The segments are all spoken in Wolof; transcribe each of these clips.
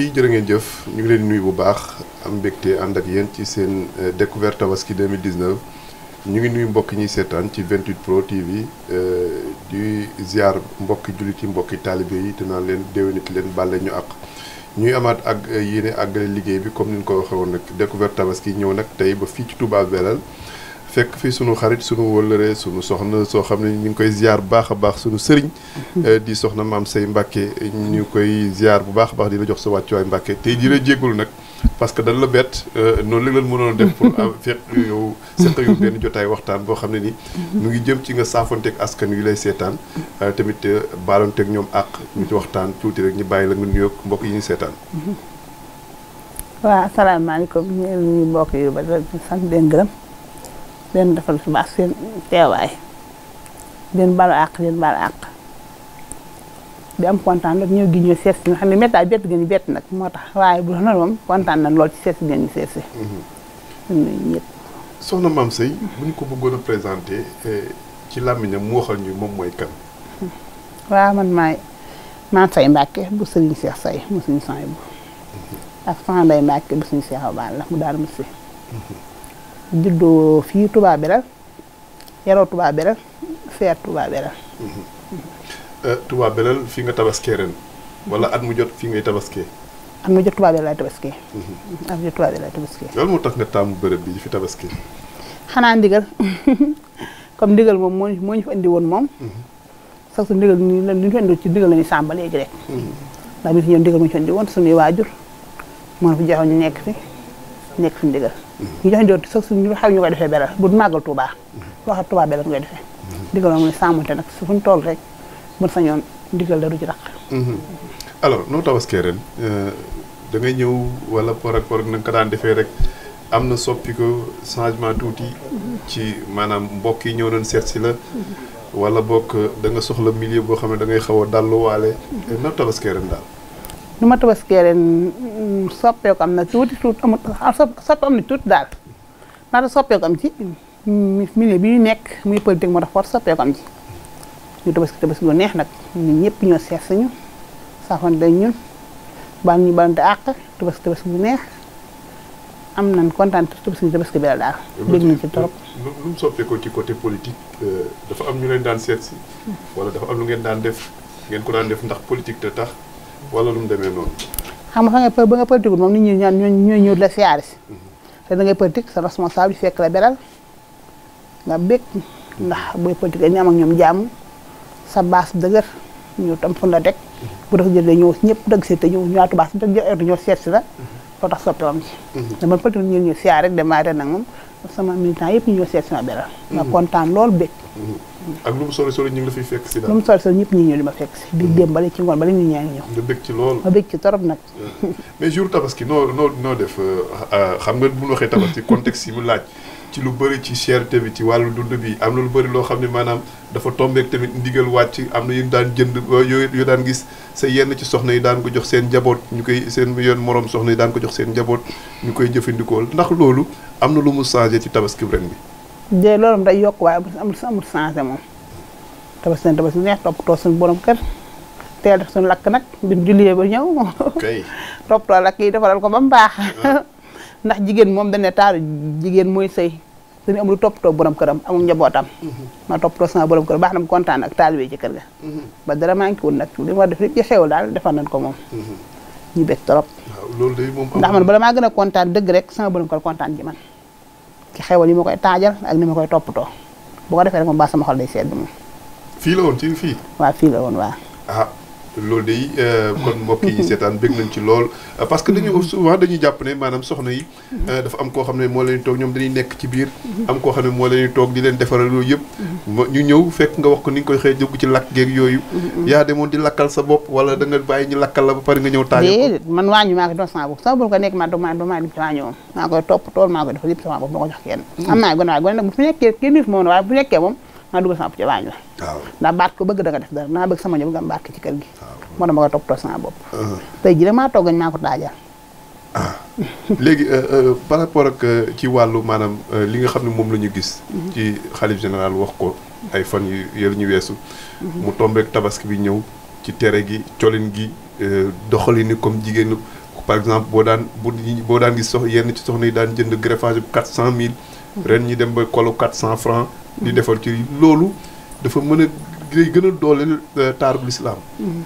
yi jërë ngeen jëf ñu ngi leen nuyu bu baax am mbégte ànd ak yéen ci seen euh, découverte tabaski 2019 ñu ngi nuyu mbokk ñuy seetaan ci 28 pro TV euh, di ziar mbokki jullit yi mbokki taalibe yi te naa leen déwénit leen bàlle ñu àq ñuy amaat ak yéene àggale liggéey bi comme ni ñu ko waxee woon nag découverte tabaski ñëw nag tey ba fii ci tubaab Belel fekk fii sunu xarit sunu wëllëre sunu soxna soo xam ne ñu ngi koy ziar bu baax a baax sunu sëriñ. Mhm. Eh, di soxna maam say Mbàkke ñu koy ziar bu baax a baax di la jox sa wàccuwaay ay tey di la jégalu nag parce que dañ la bett eh, noonu la leen mënoon def pour ah, fekk yow seq yu benn jotaay waxtaan boo xam ne ni. Mhm. mu ngi jëm ci nga saafonteeg askan wi lay seetaan mhm. eh, tamit baalonteeg ñoom àq ñu ci waxtaan tuuti rek ñu bàyyi la nga nuyoog mbokk yi ñuy seetaan. waaw asalaamaaleykum leen defal su baax seen teewaay leen baal àq leen baal àq bi am kontaan nag ñëw gi ñëw seet si nga xam ne métta bett gën bett nag moo tax waaye bu noonu moom kontaan nañ lool ci seet si mhm. ngeen ñu seet si ñëpp soxna Mame Seye ko bëggoon a eh, ci làmmiñam mu waxal ñu moom mooy kan waaw man maay Mame Seye Mbacke bu Serigne Cheikh Seye mu suñu sang bu ak soxna Ndeye Mbacke bu suñu Cheikh Obal la mu daal mu si mhm. juddoo fii Touba Belel yaroo Touba Belel feer Touba Belel. Mm-hmm. Euh, Touba Belel fii nga tabaskee ren. wala at mu jot fi ngay tabaskee. at mu jot Touba Belel laay tabaskee. Mm-hmm. at mu jot Touba Belel laay tabaskee. loolu moo tax nga taamu bërëb bi fi tabaskee. xanaa ndigal comme ndigal moom moo moo ñu fa indi woon moom. Mm-hmm. sax su ndigal ñu li ñu fa ci ndigal la sàmba léegi rek. ndax bi fi ñëw ndigal moo ñu fa indi woon suñuy waajur fi joxoon ñu nekk fi. nekk suñu digal ñu ndigal sax suñu xaw ñu koy defee beral bu màggal Touba loo xam Touba beral ngay defee digal moom ne sàmmante nag su fuñ toll rek mën sañoon ndigal la du ci raq mhm. alors noo tabaskee ren euh, da ñëw wala par rapport na ko daan defee rek am na soppi ko tuuti ci maanaam mbokk yi ñëw nañ seet si la wala bokk da nga soxla milieu boo xam ne da ngay xaw a dalluwaale euh, noo tabaskee daal nu ma tabaskee ren mm, soppeeku am na tuuti tuuti amut soppe am na daal naata soppeeku am ci mm, milieu bi ñu nekk muy politique moo tax fort soppeeku am ci ñu tabaski tabaski lu neex nag ñun ñëpp ñoo seet sañu saafan dañ ñun baal ñu balante àq tabaski tabaski lu neex am na kontaan tabaski tabaski bi la daal bëgg nañ ci torop lu mu soppeekoo ci côté politique euh, dafa am ñu leen daan seet si wala dafa am lu ngeen daan def ngeen ko def ndax politique te tax wala lu mu xam nga fa nga ba nga moom nit ñi ñaan ñooy ñëw la siyaare si. Mhm. te da ngay politique sa responsable fekk la beral nga bég ndax booy politique dañuy am ak ñoom jàmm sa baas dëgër ñu tam fu la teg mhm. bu def jëlee ñëw ñëpp dëgg si te ñëw ñaatu baas bi te seet si la. foo mhm. tax soppeekam ci. te man politique ñun ñu siyaare rek démarré nag moom sama militant yëpp ñu ñëw seet si ma beral. nga kontaan lool bég. ak lu mu sori sori ñu ngi la fiy fekk si daal. lu mu sori sori ñëpp ñu ngi ñëw di ma fekk si. di dem bale ci ngoon bale ñu ñaa ngi ñëw. nga bëgg ci lool ma bëgg ci torop nag. mais jour tabaski noo noo noo def euh, euh, xam nga bu ñu waxee tabaski contexte yi mu laaj. ci lu bëri ci cherté bi ci wàllu dund bi am na lu bëri loo xam ne maanaam dafa tombeek tamit ndigal wàcc am na yu daan jënd yooyu euh, yu daan gis sa yenn ci soxna yi daan ko jox seen njaboot ñu koy seen yoon moroom soxna yi daan ko jox seen njaboot ñu koy jëfandikool ndax loolu am na lu mu changé ci tabaski ren bi de loolu day yokk waaye amul amul changé moom tabaski nañ tabaski neex toppatoo suñu borom kër teel def suñu lakk nag bin jullee ba ñëw toppatoo lakk yi defaral ko ba mu baax ndax jigéen moom dana taar taaru jigéen mooy say dañu amul toppatoo borom këram amul njabootam mhm. ma toppatoo sama borom kër baax na mu kontaan ak taalibe ci kër ga mhm. ba dara manqué wul nag li ma def lépp ci xew daal defal nañ ko moom mhm. ñu bég trop ndax man bala maa gën a kontaan dëgg rek sama borom kër kontaan ji man ci xewal yi ma koy taajal ak ni ma koy toppatoo bu ko defee rek moom baax sama xol day sedd moom. fii la woon fii. la woon waaw. Ah. loolu de yi euh, kon mbokk yi seetaan bég nañ ci lool parce que dañu souvent dañuy jàpp ne maanaam soxna yi euh, dafa am koo xam ne moo leen toog di leen defaral ko ni nga koy xëy yooyu yaa demoon di lakkal sa bopp wala da nga bàyyi lakkal la ba pare nga ñëw taajal man waañu maa koy topp tool maa koy def lépp sama bopp ma ko jox kenn hmm. am naa gone waaye gone nag bu fi nekkee kenn nit moom waaye bu nekkee moom naa dugal sama bopp ca waañ la ndax baat ko bëgg da def dara naa bëgg sama ñëw nga am barke ci kër gi moo tax ma ko toppatoo sama bopp uh-huh. tey ji maa toggañ maa ko daajal ah. euh, euh, par rapport ak euh, ci wàllu maanaam li nga xam ne moom la ñu gis mm-hmm. ci xalif général wax ko ay fan yu yël ñu weesu mm-hmm. mu rek tabaski bi ñëw ci tere gi colin gi doxalini comme jigéenu par exemple boo daan bu boo daan gis sox yenn ci soxna yi daan jënd greffage bu quatre cent mille mm-hmm. ren ñi dem ba kolu quatre cent francs di defar ci loolu dafa mën a day gën a dooleel euh, taarub lislaam mm-hmm.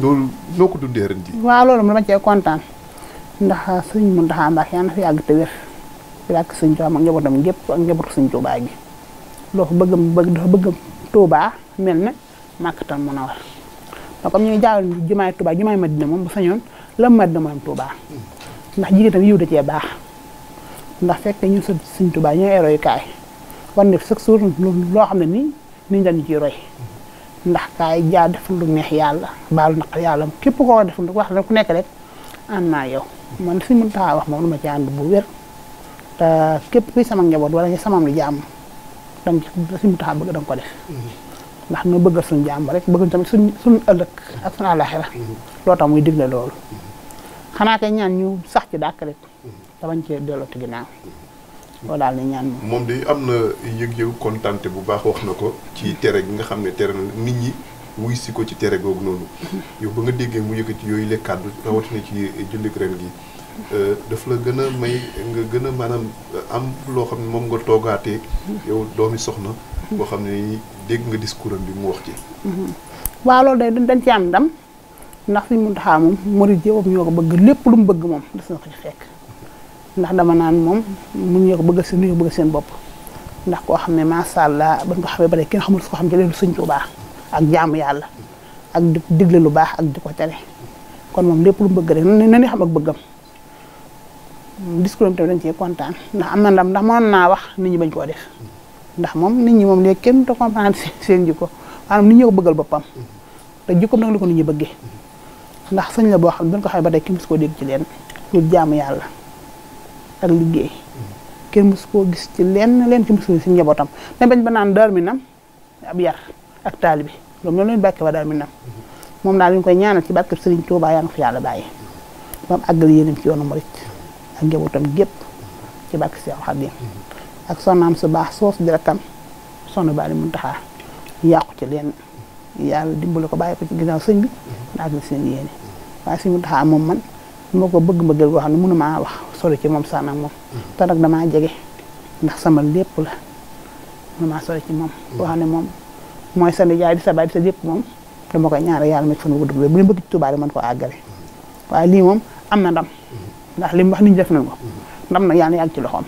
loolu noo ko dundee ren jii. waaw loolu dama cee kontaan ndax sëñ Mountakha Mbacké yàlla na fi yàgg te wér yàgg sëñ Tuubaa ak njabootam gépp ak njabootu sëñ Tuubaa gi loo fa dafa bëggam Tuubaa mel ne màkkatal mën a war donc comme ñuy jaawal jumaay Tuubaa jumaay Madina moom bu sañoon la Madina moom Tuubaa mm. ndax jigéen tam yiw da cee baax ndax fekk ñu sëñ Tuubaa ñooy royukaay war na chaque jour loo xam ne nii nit ñi dañu ciy roy ndax kaay jaa def lu neex yàlla baalu naq yàlla képp koo def lu wax la ku nekk rek ànd naa yow man fi mu taxaa wax moom lu ma ci ànd bu wér te képp kuy sama njaboot wala ñu samam lu jàmm danga fi mu taxaa bëgg danga ko def ndax nu suñ suñu jàmm rek bëggal tamit suñ suñu ëllëg ak suñu àllaaxira loo tax muy digle loolu xanaa kay ñaan ñu sax ci dàkk rek te bañ cee delloo ci ginnaaw loolu daal di ñaan moom. moom de am na yëg-yëgu kontante bu baax wax na ko. ci tere gi nga xam ne tere na nit ñi wuy si ko ci tere googu noonu. yow ba nga déggee mu yëkkati yooyu la kàddu rawatina ci jullit ren gi euh, daf la gën a may nga gën a maanaam am loo xam ne moom nga toogaatee. yow doomi soxna. boo xam ne dégg nga discours am bi mu wax ci. waaw loolu day dañ ci am ndam ndax fi mu taxaw moom murid yëpp ñoo ko bëgg lépp lu mu bëgg moom des na ko ci fekk. ndax dama naan moom mu ko bëgg a seen seen bopp ndax koo xam ne macha allah bañ ko xamee ba léegi xamul su ko xam ne lu sëñ Tuubaa ak jaamu yàlla ak di lu baax ak di ko tere kon moom lépp lu bëgg rek na ni xam ak bëggam discours tamit cee kontaan ndax am na ndam ndax mën naa wax nit ñi bañ koo def ndax moom nit ñi moom léegi kenn te comprendre seen jikko maanaam nit ñi ko bëggal boppam te jikkoom nag la ko nit ñi bëggee ndax sëñ la boo xam ne dañ ko xamee ba tey kenn su ko dégg ci leen lu jaamu yàlla. ak liggéey kenn mësu koo gis ci lenn leen ci mësul si njabootam mais ba naan Daaru Minam ab yar ak taalibe loolu noonu leen bàkke wa Daaru moom daal ñu koy ñaanal ci barkeb Sëriñ Tuubaa yaa ngi fi yàlla bàyyi ba mu àggal yéenam ci yoonu murit ak njabootam gépp ci barke Seex Xaadim ak soxnaam su baax soos di rakkam soxna Baali Muntaxa yàqu ci leen yàlla dimbali ko bàyyi ko ci ginnaaw sëñ bi ndax ak seen yéene waaye sëñ Muntaxa moom man ma ko bëgg bëggal boo xam ne mun mënu maa wax sori ci moom sax nag moom mm-hmm. te nag damaa jege ndax sama lépp la mënu maa sori ci moom mm-hmm. koo xam ne moom mooy sa nijaay di sa baay di sa lépp moom dama koy ñaare yàlla ma ci fan bu bu ñu bëgg ci Tuubaa rek àggale mm-hmm. waaye lii moom am na ndam ndax lim wax nit ñi def nañ ko ndam nag yàlla na yàgg ci loxoom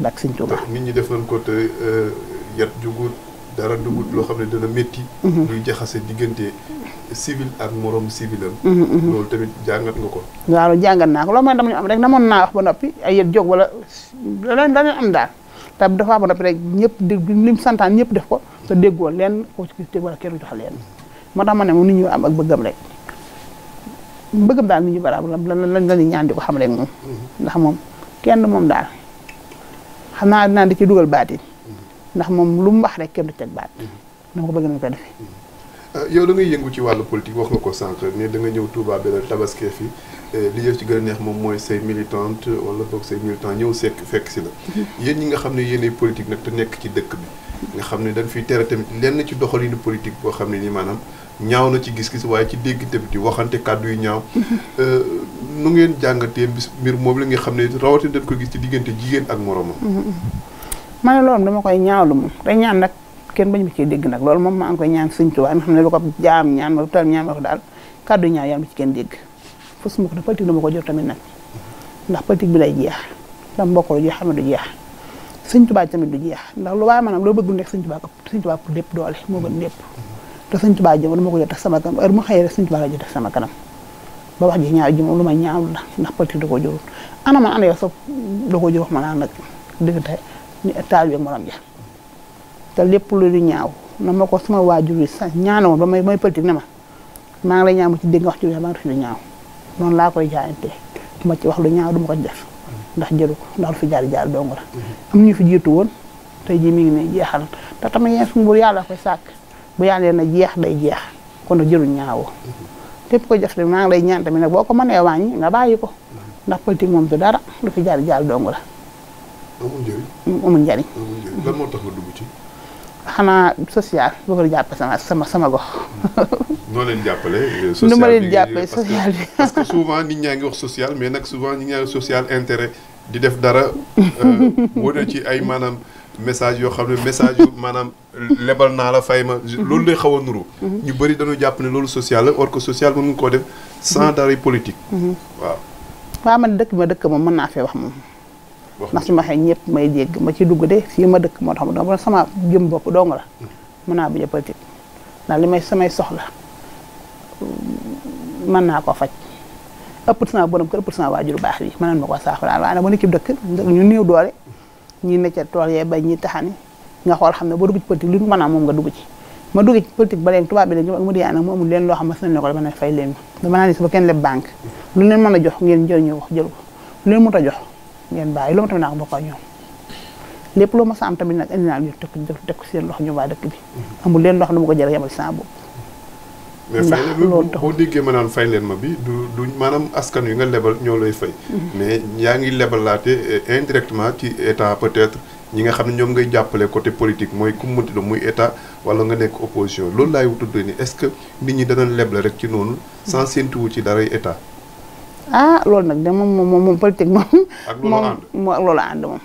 ndax Sëñ Tuubaa nit ñi def nañ ko te euh, yat dara dugut loo xam ne dana métti mhm. luy jaxase diggante civil ak morom civilam mhm, mhm, loolu tamit jàngat nga ko waaw jàngat naa ko loolu mooy dama ñu am rek namoon naa wax ba noppi ay yet jóg wala leneen am daal te dafa ba noppi rek ñëpp dégg lim santaan ñëpp def ko te déggoo leen koo ci dégg wala kenn jox leen moo tax ma ne moom nit ñu am ak bëggam rek bëggam daal nit ñu baraab lan la ñaan di ko xam rek moom ndax moom kenn moom daal xam naa dinaa di ci dugal baati ndax moom lu mu wax rek kenn du teg baat na ko bëgg nañ ko defee. Euh, yow da ngay yëngu ci wàllu politique wax nga ko sànq ne da nga ñëw Touba benn tabaskee fi li yow ci gën a neex moom mooy say militante wala boog say militant ñëw sekk fekk si la. Mhm. yéen ñi nga xam ne yéenay politique nag te nekk ci dëkk bi. nga xam ne dañ fiy tere tamit lenn ci doxalinu politique boo xam ne nii maanaam ñaaw na ci gis-gis waaye ci dégg tamit di waxante kàddu yu ñaaw mhm. euh, nu ngeen jàngatee bis mbir moom la nga xam ne rawatina dañ ko gis ci diggante jigéen ak moromam. Mhm, ma ne loolu dama koy ñaawlu moom day ñaan nag kenn bañu ma cee dégg nag loolu moom maa ngi koy ñaan Sëñ Tuubaa nga xam ne lu ko jaam ñaan ma tal ñaan ma ko daal kàddu ñaaw yàlla ma ci kenn dégg fu su ma ko def politique dama ko jot tamit nag ndax politique bi lay jeex ndax mbokk lu jeex xam ne du jeex Sëñ Tuubaa tamit du jeex ndax lu waaye maanaam loo bëggul nekk Sëñ Tuubaa ko Sëñ Tuubaa pour lépp doole moo gën lépp te Sëñ Tuubaa jëm dama ko jot sama kanam heure mu xëyee rek Sëñ Tuubaa jot sama kanam ba wax ji ñaaw ji moom lu may ñaawlu la ndax politique da koo jurul ana man ana yow sax da koo jur wax ma naan nag dëgg tey ñu taalibe morom ja te lépp lu di ñaaw na ma ko sama waajur yi sax ñaanoon ba may may politique ne ma maa ngi lay mu ci dégg wax ci biir maa lu ñaaw noonu laa koy jaayantee ma ci wax lu ñaaw du ma ko def ndax jëru ko ndax lu fi jaar jaar dong mm-hmm. am ñu fi jiitu woon tey jii mi ngi ne jeexal te tamit yéen suñu buur yàlla koy sàkk bu yàlla na jeex day jeex kon nag jëru ñaawoo. lépp mm-hmm. ko def maa ngi lay ñaan tamit nag boo ko mënee wàññi nga bàyyi ko mm-hmm. ndax politique moom du dara lu fi jaar jaal dong la. amul njëriñ. amul moo tax ma dugg ci. xanaa social boo ko jàppee sama sama sama gox. noo leen jàppale. social euh, nu ma leen jàppale parce que souvent nit ñaa ngi wax social mais nag souvent nit ñaa ngi social intérêt di def dara. Euh, wane ci ay maanaam message yoo xam ne message maanaam lebal naa la fay ma loolu de xaw nuru. Mhm. ñu bëri dañoo jàpp ne loolu social or que social mën nga koo def san mhm. dara politique. Mhm. waaw. man dëkk ma dëkk moom mën naa fee wax moom. ndax su ma waxee ñëpp may ma ci dugg de fii ma dëkk moo tax ma doon sama jëm bopp dong la mm. mën naa a politique ndax li may samay soxla mën naa ko faj ëpp waajur baax bi mën nañ ma ko saafaraal waaye nag ma nekk ci dëkk ñu néew doole ñi ne ca tool yee bay ñi taxani nga xool xam ne boo dugg ci politique li mu mën a moom nga dugg ci ma dugg ci politique ba léegi tubaab bi lañu mu leen loo xam ne seen lekol mën a fay leen ma dama a jox ngeen jël ñu wax jël ko leen mën a jox ngeen bàyyi lu ma tamit naa ko bokk ak ñoom lépp loo ma sa am tamit nag indi naa ñu tëkk tëkk seen loxo ñu waa dëkk bi amul leen loxo nu ma ko jëlee yamal ma naan fay leen ma bi du du maanaam askan yu nga lebal ñoo lay fay mm-hmm. mais yaa ngi lebalaate eh, indirectement ci état peut-être ñi nga xam ne ñoom ngay jàppale côté politique mooy ku mu muy état wala nga nekk opposition loolu laay wutudde ni ce que nit ñi dana leble rek ci noonu san mm-hmm. sans séentuwu ci daray état ah loolu nag de moom moom moom politique moom. ak loolu ànd moom loolu ànd moom.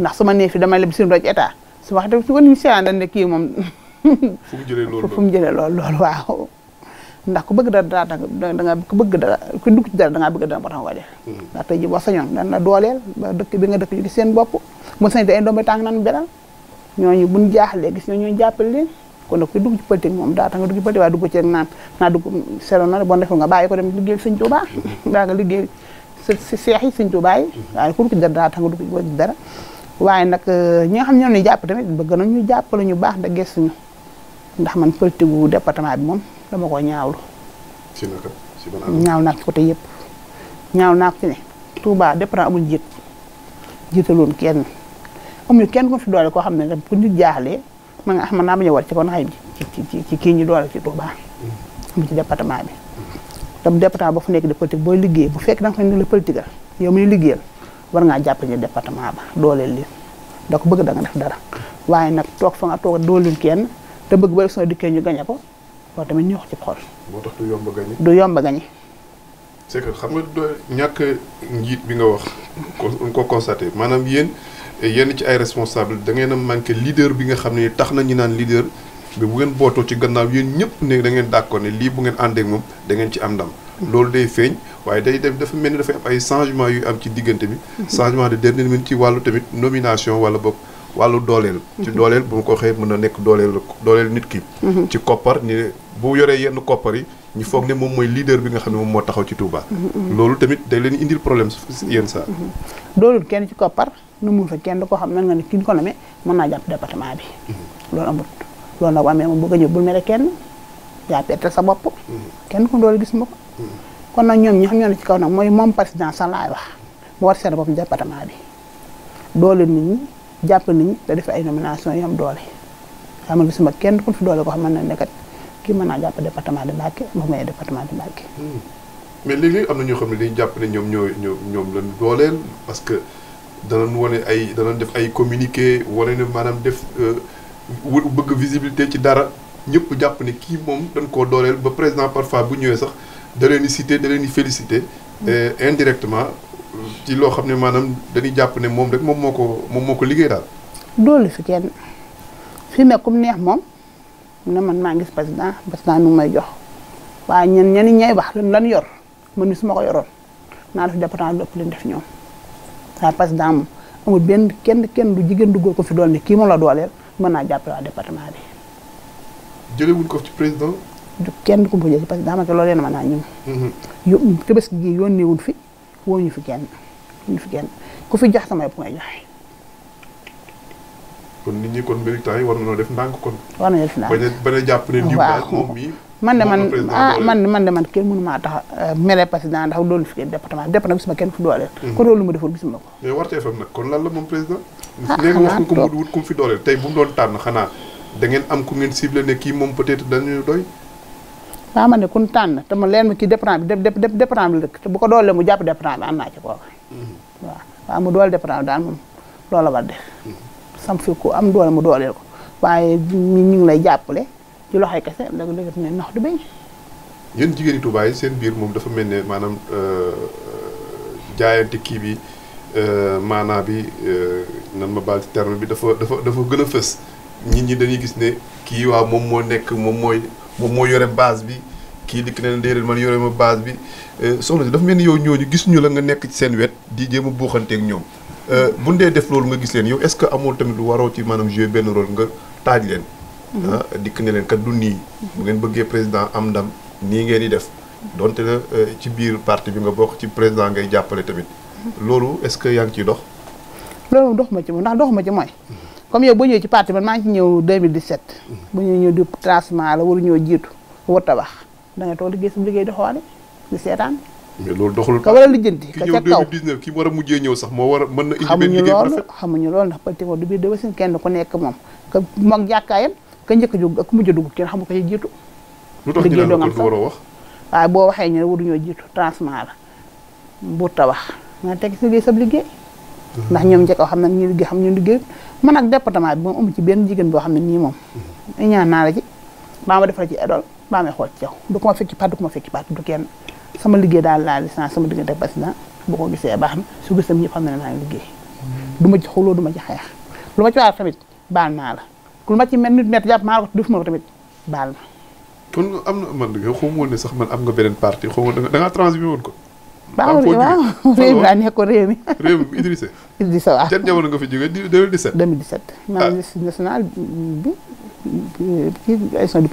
ndax su ma nee fi damay leb suñu doj état su ma wax dëgg su ko nuyu séenaan ne kii moom. fu mu jëlee loolu fu mu ndax ku bëgg dara daa da nga ku bëgg dara ku dugg ci da ngaa bëgg dara ba tax hmm. ndax tey jii wa sañoon dana dooleel ba dëkk bi nga dëkk ñu seen bopp. mu sañ te ay ndoom tàng nan beral ñooñu buñ jaaxlee gis ñooñu ñooñu jàppale kon nag ku dugg ci politique moom daa tax nga dugg ci politique waaye dugg ci naan naa dugg selo na bon nga bàyyi ko dem liggéey sëñ Tuubaa mm-hmm. daa nga liggéey si seex yi sëñ Tuubaa yi mm-hmm. waaye ku dugg ci dara daa tax nga dugg ci dara waaye nag euh, ñi nga xam ne ñoom jàpp tamit bëgg na ñu jàppale ñu baax da gëstuñu ndax man politique wu département bi moom dama ko ñaawlu si naka si ñaaw naa ci côté yëpp ñaaw naa ko ci ne Touba département amul jiit jiitaloon kenn amul kenn ko fi doole koo xam ne rek ku ñu jaaxlee man ah, nga xam naa ma ñëwal ci kon xëy ci ci kii ñu doole ci Touba mu ci département bi tam département ba fu nekk di politique booy liggéey bu fekk da nga xam ne la politique yow muy liggéeyal war ngaa jàpp ñu département ba dooleel leen da ko bëgg da nga dara waaye nag toog fa nga toog dooleel kenn te bëgg ba soo dikkee ñu gañe ko loolu tamit ñu wax ci xol. moo tax du yomb a gañe. du yomb a gañe. c'est que xam nga ñàkk njiit bi nga wax. ko ko constaté maanaam yenn ci ay responsable da ngeen a manqué leader bi nga xam ne tax na naan leader bi bu ngeen bootoo ci gannaaw yéen ñëpp ne da ngeen d'accord ne lii bu ngeen àndeek moom da ci am ndam loolu day feeñ waaye day def dafa mel ni dafa am ay changement yu am ci diggante bi changement de dernière minute ci wàllu tamit nomination wala boog wàllu dooleel ci dooleel bu ma ko xee mën a nekk dooleel dooleel nit ki mhm. ci koppar ni bu yoree yenn koppar yi ñu foog ne moom mooy leader bi nga xam ne moom moo taxaw ci Touba mhm, mhm. loolu tamit day leen indil problème yenn saa doolul kenn ci koppar nomul fa kenn koo xam ne nga ne ki ñu ko nomee mën naa jàpp département bi loolu amut loolu nag bu amee moom bu ko ñëw bul mere kenn yaa perte sa bopp kenn ku doolu gis ma ko kon nag ñoom ñi xam ñoo ne ci kaw nag mooy moom président sax laay wax mu war seen bopp département bi doole nit ñi jàpp nit ñi te def ay nomination yi am doole xamal gisuma kenn ku fi doole koo xam ne ne kat kii mën naa jàpp département de Mbacké mu may département de Mbacké hmm. mais léeg-léeg am na ñoo xam ne dañuy jàpp ne ñoom ñoo ñoom ñoom lañu dooleel parce que danañ wane ay danañ def ay communiqué wane ne maanaam def euh, wut bëgg visibilité ci dara ñëpp jàpp ne kii moom dañ koo dooleel ba président parfois bu ñëwee sax da leen di cité da leen félicité indirectement ci loo xam ne maanaam dañuy jàpp ne moom rek moom moo ko moom moo ko liggéey daal. doole fi kenn fi mu kum neex moom na man maa gis président président mi may jox waaye ñen ñenn ñay wax lan lan yor man mi su ma ko yoroon naa def département lépp leen def ñoom. sa président am amul benn kenn kenn du jigéen du ko fi doon ne kii moom la dooleel mën naa jàppale waa département bi. jëlewul ko ci président. kenn ku mu jëlee parce que daanaka loolu yëpp mën naa ñëw. Mhm. yób fi woo ñu fi kenn ñu fi kenn ku fi jox sama yëpp ngay joxe. kon nit ñi kon mbiri temps yi war nañoo def ndànk kon. war nañoo def ndànk bañ a bañ a jàpp ne. moom mii. man ne man ah man man de man kenn mënu maa tax euh, mere président ndax loolu fi département bi département gisuma kenn fu dooleel. Mm-hmm. kon loolu lu ma deful gisuma ko. mais War TFM nag kon lan ah, am ku ngeen ciblé ne moom peut-être dañuy doy. waaw man tànn te ma kii département bi dé dé département bi dëkk bu ko doolee mu jàpp département bi naa ci kooku. Mm-hmm. waaw waaw mu doole département bi daal moom loolu la war mm-hmm. am doole mu dooleel ko waaye ñi ñu ngi lay jàppale ci loxoy kese am danga dëgër ne jigéeni du béy seen biir moom dafa mel ne maanaam euh, jaayante kii bi euh, maanaa bi euh, nan ma baal ci terme bi dafa dafa dafa gën a fës nit ñi dañuy gis ne kii waaw moom moo nekk moom mooy moom moo yore base bi kii dikk na ne déedéet man yore ma base bi soxna si dafa mel ni yow ñooñu gis ñu la nga nekk ci seen wet di jéem a buuxanteeg ñoom bu ñu dee def loolu nga gis leen yow est-ce que amul tamit lu waroo ci maanaam jouer benn rôle nga taaj leen Ah, dikk ne leen kat du nii bu ngeen bëggee président am ndam nii ngeen di def donte la eh, ci biir parti bi nga bokk ci président ngay jàppale tamit loolu est-ce que yaa ngi ciy dox loolu moom doxuma ci moom ndax doxuma ci mooy comme yow boo ci parti man maa ngi ci ñëw 2017 mm-hmm. bu ñëw ñëw di transement la waru ñoo jiitu war tabax da nga toog liggéey sa liggéey di xoole di seetaan mais loolu doxul ka war a lijjanti ka ca kaw 2019 ki war a mujjee ñëw sax moo war a mën na indi benn liggéey bu rafet xamuñu loolu xamuñu loolu ndax politique du biir de wasin kenn ku nekk moom que moog ka njëkk a jóg ak ku mujj a dugg kenn xamul ko ci jiitu. lu tax ñu naan ko waroo wax waaye boo waxee ñu ne waruñoo jiitu transement la mbuut wax nga teg si liggéey sab liggéey. ndax ñoom njëkk xam ne ñu liggéey xam ñu liggéey man ak département bi moom amu ci benn jigéen boo xam ne nii moom. Mm-hmm. ñaan naa la ci maa ma defal ci édol maa may xool ci yow du ko ma fekki pat du ma fekki pat du kenn sama liggéey daal laa licence sama diggante ak président boo ko gisee baax na su gisam ñëpp xam ne maa ngi liggéey. Mm-hmm. du ma ci xuloo du ma ci xeex lu ma ci war tamit baal naa la ku a ci mel nit mett jàpp maa ko def ma tamit baal ma. kon am na man nga xamu woon ne sax man am nga beneen parti xaw ma da ngaa transmis woon ko. waaw waaw réew mi laa nekkoon réew mi. réew mi Idrissa. Idrissa waaw ah.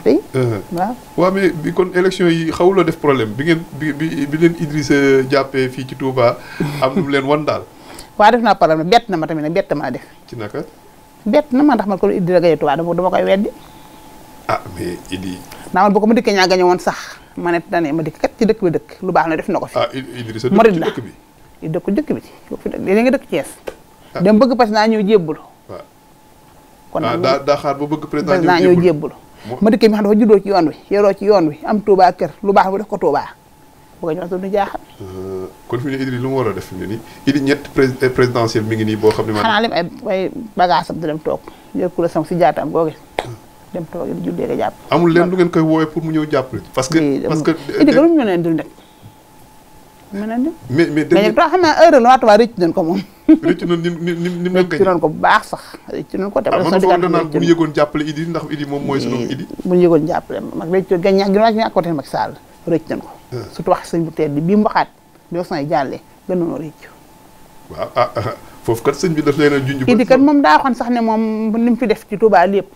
bi uh-huh. mais bi kon élection yi xawuloo def problème bi ngeen bi bi bi leen Idrissa jàppee fii ci tuubaa am lu leen wan daal. waaw def naa problème bett na ma tamit nag bett maa def. ci naka. bett na ma ndax man ko Iddi la gañe Touba dama dama koy weddi. ah mais Iddi. naa man bu ko ma dikkee ñaa gañe sax ma ne dane ma dikk kat ci dëkk bi dëkk lu baax na def na ko fi. ah Idrissa i ci dëkk bi Mouride la dëkk bi fi nga dëkk Thiès. Ah. dem bëgg parce naa ñëw jébbulu. waaw ah. kon ah, nag daa daa xaar ba bëgg président ñëw jébbulu ma dikkee mi xam dafa juddoo ci yoon wi yoroo ci yoon wi am Touba kër lu baax bu def ko Touba bu ko ñëwaat du jaaxal. kon fi ne Idriss lu mu war a def fi mu ne nii Idriss ñett prés eh, présidentielle ngi nii boo xam ne. xanaa lim ay ay bagages am di dem toog jël kula jàpp. amul leen lu ngeen koy woowee pour mu ñëw jàppale. parce que parce que. Idriss gënu ñu waa tubaab rëcc moom. rëcc nañ ni ni ni ni mu leen. rëcc nañ ko bu baax sax rëcc nañ ko. Ah, te sa diggante naan eh, bu ñu yëgoon jàppale Idriss ndax Idriss moom mooy sunu Idriss. bu ñu yëgoon mag rëcc rëcc nañ ko. Hmm. surtout wax sëñ bu tedd bi mu waxaat bi Ousmane jàllee gën nañoo rëcc. waaw ah, ah foofu kat sëñ bi daf leen a junj. idi kat moom daa waxoon sax ne moom ni mu fi def ci Touba lépp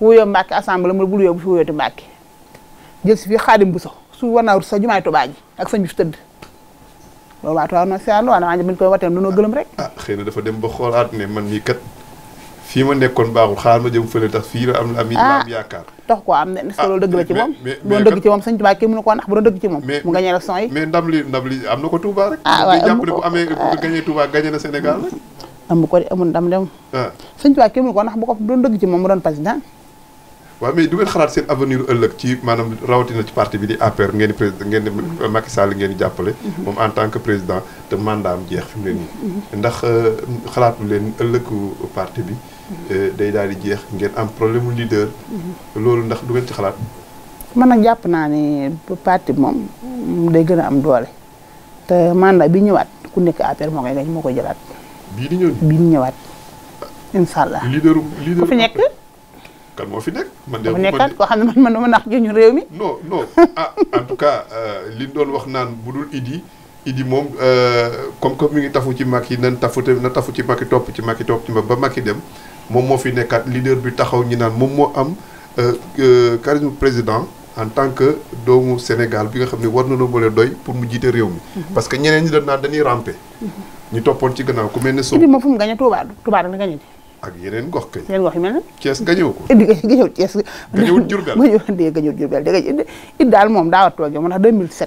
wuyoo Mbacke assemblée mu bul yow bu fi wuyooti Mbacke jël si fii xaadim bu sax su wanaaru sa jumaay Touba ji ak sëñ bi fi tëdd. loolu waa noonu si àll waaw damaa koy ah, na dafa dem ba xoolaat ne man mii kat fii ma nekkoon baaxul xaar ma jëm fële tax fii la am. am ah, yaakaar tax ko am est-ce que ah, loolu dëgg la ci moom doon dëgg ci moom sëñ Tuubaa kenn mënu koo nax bu doon dëgg ci moom mu gagné élection yi mais ndam li ndam li am na ko Touba rek ah waaye jàpp ne bu amee gagné Touba gagné na Sénégal rek amu ko de amul ndam dem ah. sëñ Tuubaa kenn mënu koo nax bu ko doon dëgg ci moom mu doon président waaw mais du ngeen xalaat seen avenir ëllëg ci maanaam rawatina ci parti bi di APR ngeen di président ngeen di Macky Sall ngeen di jàppale. Mhm. moom en tant que président te mandat am jeex fi mu ne nii. Mhm. ndax euh, xalaatu leen ëllëgu parti bi. day daal di jeex ngeen am problème mu leader. loolu ndax du ngeen ci xalaat. man nag jàpp naa ni parti moom day gën a am doole te mandat bi ñëwaat ku nekk APR moo koy moo koy jëlaat. bii di ñëw bii ñëwaat. incha allah leaderu leaderu ku nekk. moo fi nekk. man de bu nekkaat koo xam ne man man ma nax ñu réew mi. non non ah en tout cas euh, li ñu doon wax naan bu dul Idi. Idi moom euh, comme que mu ngi tafu ci Macky nan tafu na tafu ci Macky topp ci Macky topp ci ba Macky dem. moom moo fi nekkaat leader bi taxaw ñi naan moom moo am charisme euh, euh, président en tant que doomu Sénégal bi nga xam ne war na mën a doy pour mu jiite réew mi. Mm-hmm. parce que ñeneen ñi dañ naan dañuy ramper. Mm-hmm. ñu toppoon ci gannaaw ku mel ne. Sow moom fu mu gañe Touba Touba dana gañe ak yeneen gox kay. yeneen gox ko. indi gañëw Thiès. gañëwul Diourbel ma ñëw dee nga it daal moom daawa toogee moo tax 2007.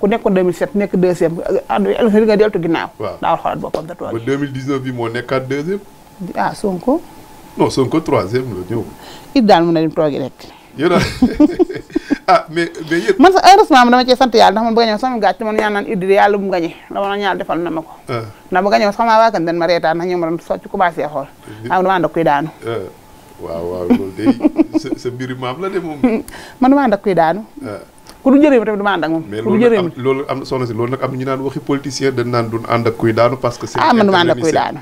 ku nekkoon 2007 nekk deuxième ànd euh, bi moo nekkaat deuxième. ah Sonko. non Sonko troisième la ñëw. it daal mën na dem toogi rek. yéen ah mais mais yéen. man sax heureusement man dama cee sant yàlla ndax man bu gañoo sama ma ko. Ah. ndax ma reetaan ndax ñoom ma doon socc commencé xool. ah damaa ndox kuy daanu. Ah, de sa sa mbiri maam la de moom. man damaa ndox kuy daanu. Ah. ku du jëree ma tamit damaa ànd ak moom. ku du jëree ma loolu am soxna si loolu nag am ñu naan waxi politicien dañ naan ànd ak kuy daanu parce que. ah man damaa ànd ak kuy daanu.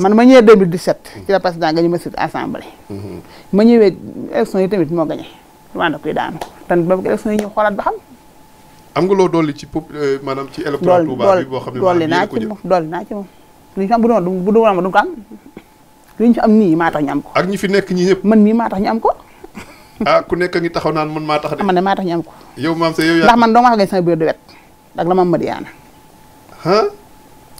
man ma ñëwee 2017. ci la président gañu ma sit assemblée. Mhm. ma ñëwee élection yi tamit moo gañe damaa ne kuy ba élection yi euh, bi boo xam ne dolli naa ci moom ma du ko am tax ñi fi nekk ñi ñëpp man mii maa tax ñu am ko ah, nekk taxaw naan man maa tax de man ne maa tax ñu am ko yow maam sa yow yaa ma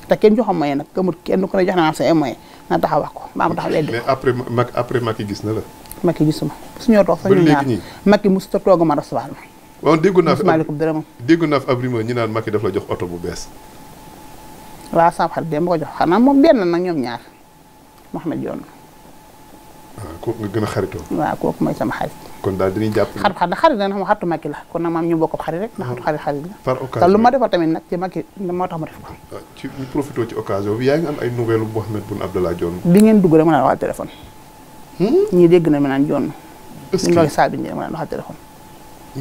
te kenn joxam moyen nag gëmut kenn ku ne naa sa ay moyen na taxaw wax ko mbaa mu taxaw weddi mais après Macky après Macky gis na la. Macky gisuma suñoo toog sax ñu ñaar Macky mosut a toog ma recevoir ma. waaw déggu naa fi maaleykum dërëm déggu naa fi ab rumeur ñu naan Macky daf la jox oto bu bees. waaw sama xarit dem ba ko jox xanaa moom benn na ñoom ñaar Mouhamed Dione. Ah, kooku nga gën a xaritoo. waaw kooku mooy sama xarit. kon daal dañuy jàpp xarit xarit xarit la xam xaritu Macky la kon nag maam ñu xarit rek ndax hmm. xarit xarit la. par occasion te ma defal tamit nag ci Macky moo tax ma def ko. Ah, na ma hmm?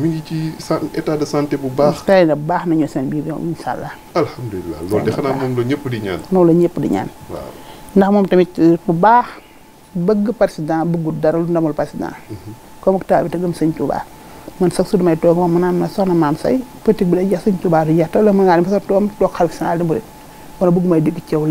ngi ci état de santé bu baax. tey na baax nañu seen biir yow incha allah. alhamdulilah loolu de xanaa moom la ñëpp di ñaan. moom la di ñaan. ndax moom tamit bu baax bëgg président bëggul dara lu ndamul président comme octave bi te gëm sëñ Touba man sax su may toog moom mu naan ma soxna maam say politique bi day jeex sëñ Touba du jeex te la mën ngaa ne ma sa toom toog xalif sanal di murit wala bëgg may dégg ci yow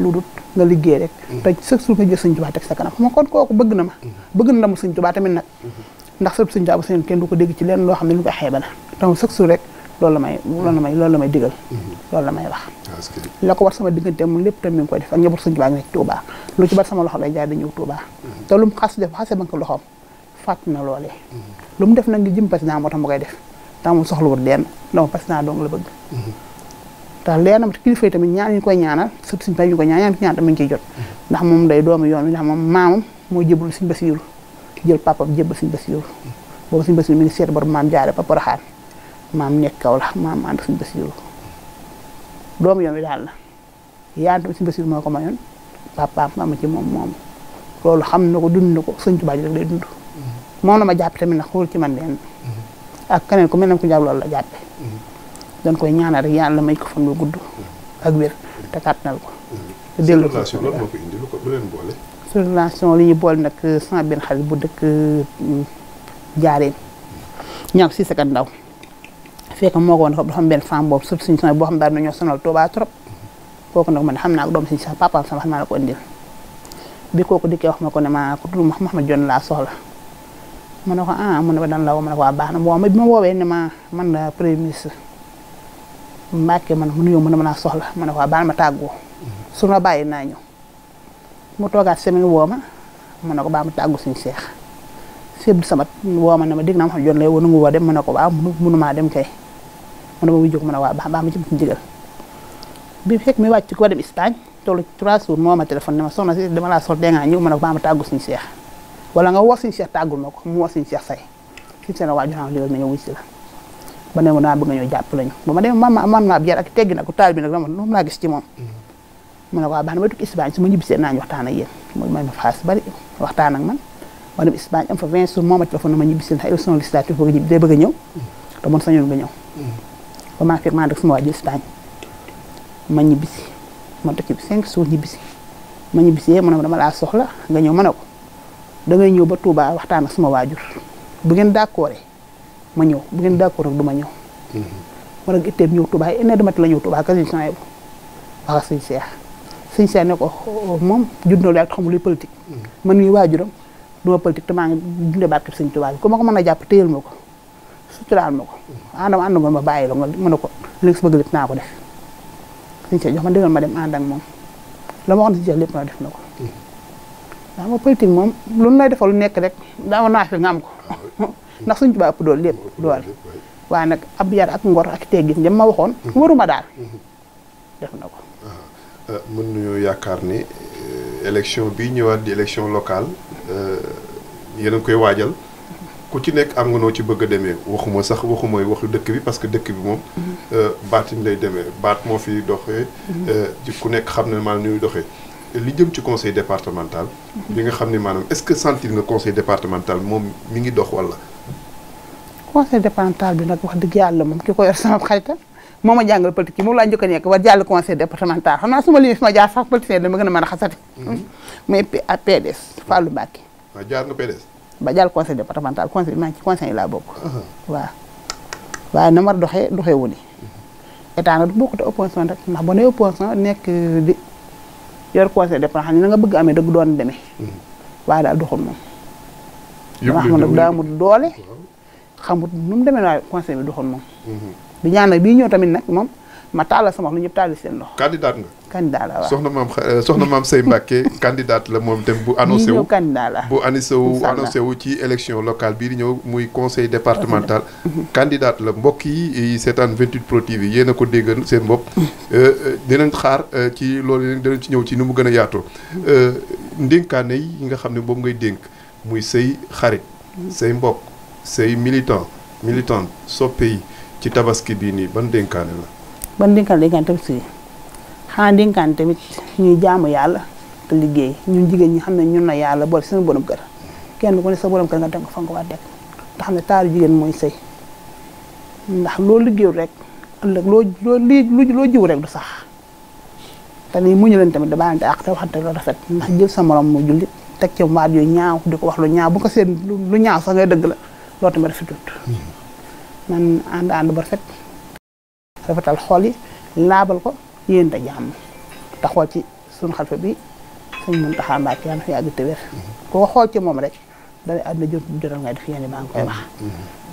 lu dul nga liggéey rek mm-hmm. te sax su nga jël sëñ Touba teg sa kanam ma kon kooku bëgg na ma mm-hmm. bëgg na ndamul sëñ Touba tamit nag mm-hmm. ndax sëb sëñ Touba bu sëñ kenn du ko dégg ci lenn loo xam ne lu ko xeeba la donc rek loolu la may loolu may loolu la may digal mm-hmm. loolu la may wax la ko war sama diggante moom lépp tam mi ngi koy def a ñëpp suñu baa ngi nekk Touba lu ci sama loxo lay jaar di ñëw Touba mm-hmm. te xas def xasee ba ko loxoom fàtt na loole mm-hmm. lu mu def nag ngi jëm président moo tax mu koy def tax mu soxlawul deen dama président dong la bëgg ndax leer na ma kilifa yi tamit ñaan ñu koy ñaanal surtout suñu bàyyi ñu koy ñaan ñaan tamit jot ndax moom day doomu yoon ndax moom maamam moo jébul suñu Basiiru jël papam jébbal suñu Basiiru boobu suñu Basiiru mi ngi seet borom maam jaare ba Poroxaan maam nekk kaw la maam ànd suñu Basiru doomu yoon wi daal la yaantu suñu Basiru moo ko mayoon papaam ma ci moom moom loolu xam na ko dund na ko sëñ Tuubaa ji rek lay dund mm-hmm. moom la ma jàpp tamit nag xool ci man leen mm-hmm. ak keneen ku mel ne ku jàpp la jàppe mm-hmm. dañ koy ñaanal rek yàlla may ko fan bu gudd ak wér te kàttanal ko te ko relation lan moo ko indi lu li ñu boole nag sama benn xarit bu dëkk mm, jaareen ñaar si sakat ndaw fekk moo ko woon dafa xam benn femme boobu suuf suñu sonal boo xam ne daal nañoo sonal Touba trop naa ko doom suñu sax papa sama xam naa la ko indil bi kooku dikkee wax ma ko ne ko tudd Mouhamed Dione laa soxla ma ne ko ah mu ne ma dan la woo ma ne ko waa baax na boo ma bi woowee ne ma man la premier ministre Mbacke man mu nuyoo mu ne soxla ma ne ko waa ma tàggoo su ma bàyyi naa ñëw mu toogaat semaine woo ma ma ne ko baax ma tàggu suñu seex. sëb di sama woo ma ne ma dégg naa ma xam ne Dione lay wo nu mu woo dem ma ne ko waaw munu maa dem kay mu ne ma wuy jóg mu ne waa baax baax ma ci bëgg ndigal bi fekk mi wàcc ko dem Espagne tollu trois jours moo ma téléphone ne ma soxna si dama laa sol dee ngaa ñëw mu ne ko baax ma tàggu suñu seex wala nga woo suñu seex tàggul ma ko mu woo suñu seex say suñu seex na waa joxaam ndigal na nga wuy si la ba ne ma naa bëgg nga ñëw jàpp lañu ba ma dem man man maa jar ak teggi na ko taal bi nag la ma moom laa gis ci moom mu mm-hmm. ne ko waa baax na ma tukki Espagne su ma ñibbisee naañu waxtaan ak yéen mooy may ma faas bari waxtaan ak man ma dem Espagne am fa 20 jours moo ma téléphone ne ma ñibbisi na élection législative bëgg day bëgg a ñëw mm-hmm. te man sañoon nga ñëw mm-hmm. ba maa fekk maa dëkk sama waajur ma ñibbisi ma dëkk bi cinq jours ma ñibbisee ma ne dama laa soxla nga ñëw ma ne ko dangay ñëw ba Touba waxtaan suma waajur bu ngeen d'accord ma ñëw bu ngeen d'accord rek du ma ñëw. ma ne ko ñëw Touba ay de mat la ñëw Touba kese émission yëpp wax ak sëñ Cheikh ne ko oh, moom judd na lu yàgg xamul luy politique. Mm-hmm. man mii waajuram du ma politique te maa ngi dundee barke sëñ Touba bi ku ma ko mën a jàpp téyel ma ko. suturaal ma ko àndam ànd ma ma bàyyi la ma mën a ko li nga bëgg naa ko def suñu see jox ma digal ma dem ànd ak moom la ma waxoon si jox lépp def na ko daa ma politique moom lu lay defal lu nekk rek daa ma naafi nga am ko ndax suñ tubaab ëpp doole lépp nag ab yar ak ngor ak teggin jëm ma waxoon waruma daal def na ko ah, ah, mën nañoo yaakaar ni euh, élection bi ñëwaat di élection locale euh, yéen a koy waajal ku ci nekk am nga noo ci bëgg a demee waxuma sax waxumay waxu dëkk bi parce que dëkk bi moom. Mhm. Euh, baatin lay demee baat moo fi doxee. ci mhm. euh, ku nekk xam ne maanaam ñuy doxee. li jëm ci conseil départemental. Mhm. bi nga xam ne maanaam est-ce que sentir nga conseil départemental moom mi ngi dox walla. conseil départemental bi nag wax dëgg yàlla moom ki ko yor sama xarita moo ma jàngal politique yi moom laa jëkk nekk war jàll conseil départemental xam naa su ma limee fi ma jaar sax politicien dama gën a mën a xasati. muy PDS ah, Fallou Mbacké. waaw ah, jaar nga PDS. ba jàll conseil départemental conseil bi maa ngi ci conseil yi laa bokk. Uh-huh. waaw waaye na mar doxee doxee wu ni uh-huh. état nag du bokkute opposition ndax boo nee opposition nekk di yor conseil départemental ni na nga bëgg amee dëgg doon deme uh-huh. waaye daal doxul moom. dama xam nag daa amul doole. nu demee waaye conseil bi doxul moom. di ñaan bii ñëw tamit nag moom ma taalal sama wax lu ñëpp taalil seen loxo. candidat candidat la waaw soxna maam euh, soxna maam Sey Mbacke candidate la moom itam bu annoncé wu candidat la bu annoncé wu annoncé wu ci élection locale bii di ñëw muy conseil départemental mhm. candidate la mbokk yi seetaan 28 Pro TV yéen ko déggal seen bopp mhm. euh, euh, dinañ xaar ci loolu yéen dinañ ci ñëw ci ni mu gën a yaatoo mhm. ndénkaane yi nga xam ne boobu ngay dénk muy say xarit say mbokk say militant militante soppe yi ci tabaski bii nii ban dénkaane la xanaa dénkaan tamit ñuy jaamu yàlla te liggéey ñu jigéen ñi xam ne ñun na yàlla boole suñu borom kër kenn ku sa borom kër nga dem ko fa nga war a ne taaru jigéen mooy sëy ndax loo rek ëllëg loo loo loo jiw rek du sax te nii muñu leen tamit da baalante àq te waxante lu rafet ndax jël sa morom mu jullit teg ca waat yooyu ñaaw ko wax lu ñaaw bu ko seen lu ñaaw sax ngay dëgg la loolu tamit rafetut hmm. nan ànd ànd ba rafet laabal ko yéen da jàmm taxoo ci sunu xalifa bi sëñ Muntaxa Mbàkke yàlla na fi yàgg te koo xool ci moom rek dana àdduna jot jotal ngay def yéen i maa koy wax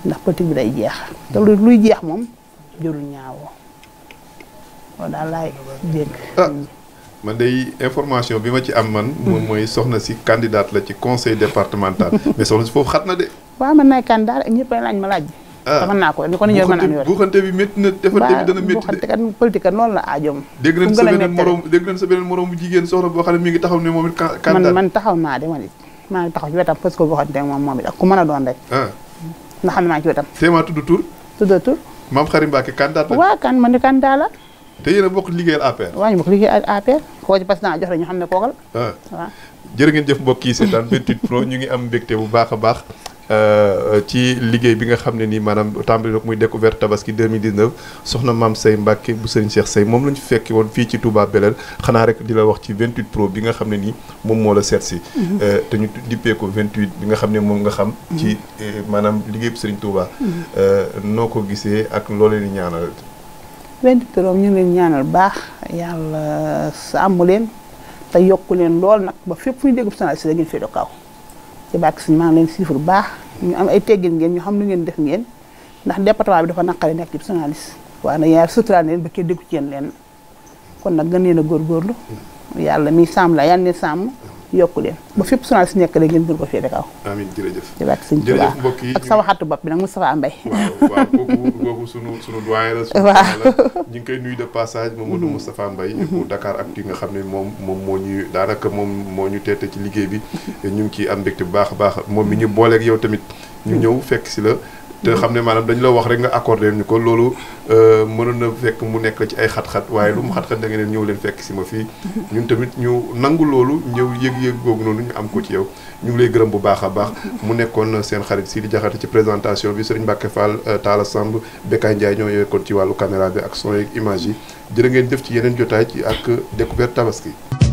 ndax politique bi day jeex te luy jeex moom jërul ñaawoo loolu daal laay dégg ah, man day information bi ma ci am man moom mooy soxna si candidate la ci conseil départemental mais soxna si foofu xat na de waaw man nay candidat rek ñëpp laaj ma laaj te ah. mën naa ko ni a buuxante bi métti na defante bi dana métti buuxante kat politique kat loolu la aajoom dégg nañ sa beneen morom jigéen soxna boo xam ne mi ngi taxaw ne moom a doon rek ah. nga xam tudd tur tudd tur maam Xari Mbacke kan man te yéen a bokk liggéeyal APR waaw ñu bokk liggéeyal APR koo ci parce jox la ñu xam ne kookal ah. waaw jërë jëf mbokk yi seetaan 28 pro ñu ngi am mbégte bu baax a baax Euh, ci liggéey bi nga xam ne nii maanaam tàmbali nag muy découverte tabaski 2019 soxna maam say Mbàkke bu sëriñ Cheikh say moom la ñu fekki woon fii ci Touba Belel xanaa rek di la wax ci 28 pro bi nga xam ne nii moom moo la seet si mhm. euh, te ñu dippee ko 28 bi nga xam ne moom nga xam mhm. ci euh, maanaam liggéey bu sëriñ Touba mhm. ko gisee ak loo leen di ñaanal 28 ñu ngi leen ñaanal baax yàlla sàmm leen lool nag ba fépp fu ñu dégg bu sanaa si da ngeen fee ci bàkk suñu maa ngi leen chiffre bu baax ñu am ay teggin ngeen ñu xam lu ngeen def ngeen ndax département bi dafa naqari nekk ci journaliste waaye nag yaa suturaan leen ba kenn déggu ci yéen leen kon nag gën leen a góorgóorlu yàlla mi sàmm la yan ne sàmm yokk leen ba fépp sonal si nekk rek ngeen gën ko féete kaw. amiin jërëjëf jërëjëf mbokk yi ak sama xatu bopp bi nag Moustapha Mbaye. waaw waaw kooku kooku sunu sunu doyen la. sunu ñu ngi koy nuyu de passage Mamadou mm-hmm. Moustapha Mbaye. Mm-hmm. bu Dakar Actu nga xam ne moom moom moo ñu daanaka moom moo ñu teete ci liggéey bi ñu ngi ciy am mbégte bu baax a baax moom mi ñu booleek yow tamit ñu mm-hmm. ñëw fekk si la. te xam ne maanaam dañu la wax rek nga accordé ñu ko loolu euh, mënoon na fekk mu nekk ci ay xat-xat waaye lu mu xat-xat da nga ñëw leen fekk si ma fii ñun tamit ñu nangu loolu ñëw yëg-yëg googu noonu ñu am ko ci yow ñu ngi lay gërëm bu baax a baax mu nekkoon seen xarit Sidi Diakhaté ci présentation bi Serigne Mbacke Fall euh, Talla Samb Bekay Ndiaye ñoo kon ci wàllu caméra bi ak son yeeg image yi jërë ngeen jëf ci yeneen jotaay ci ak découverte tabaski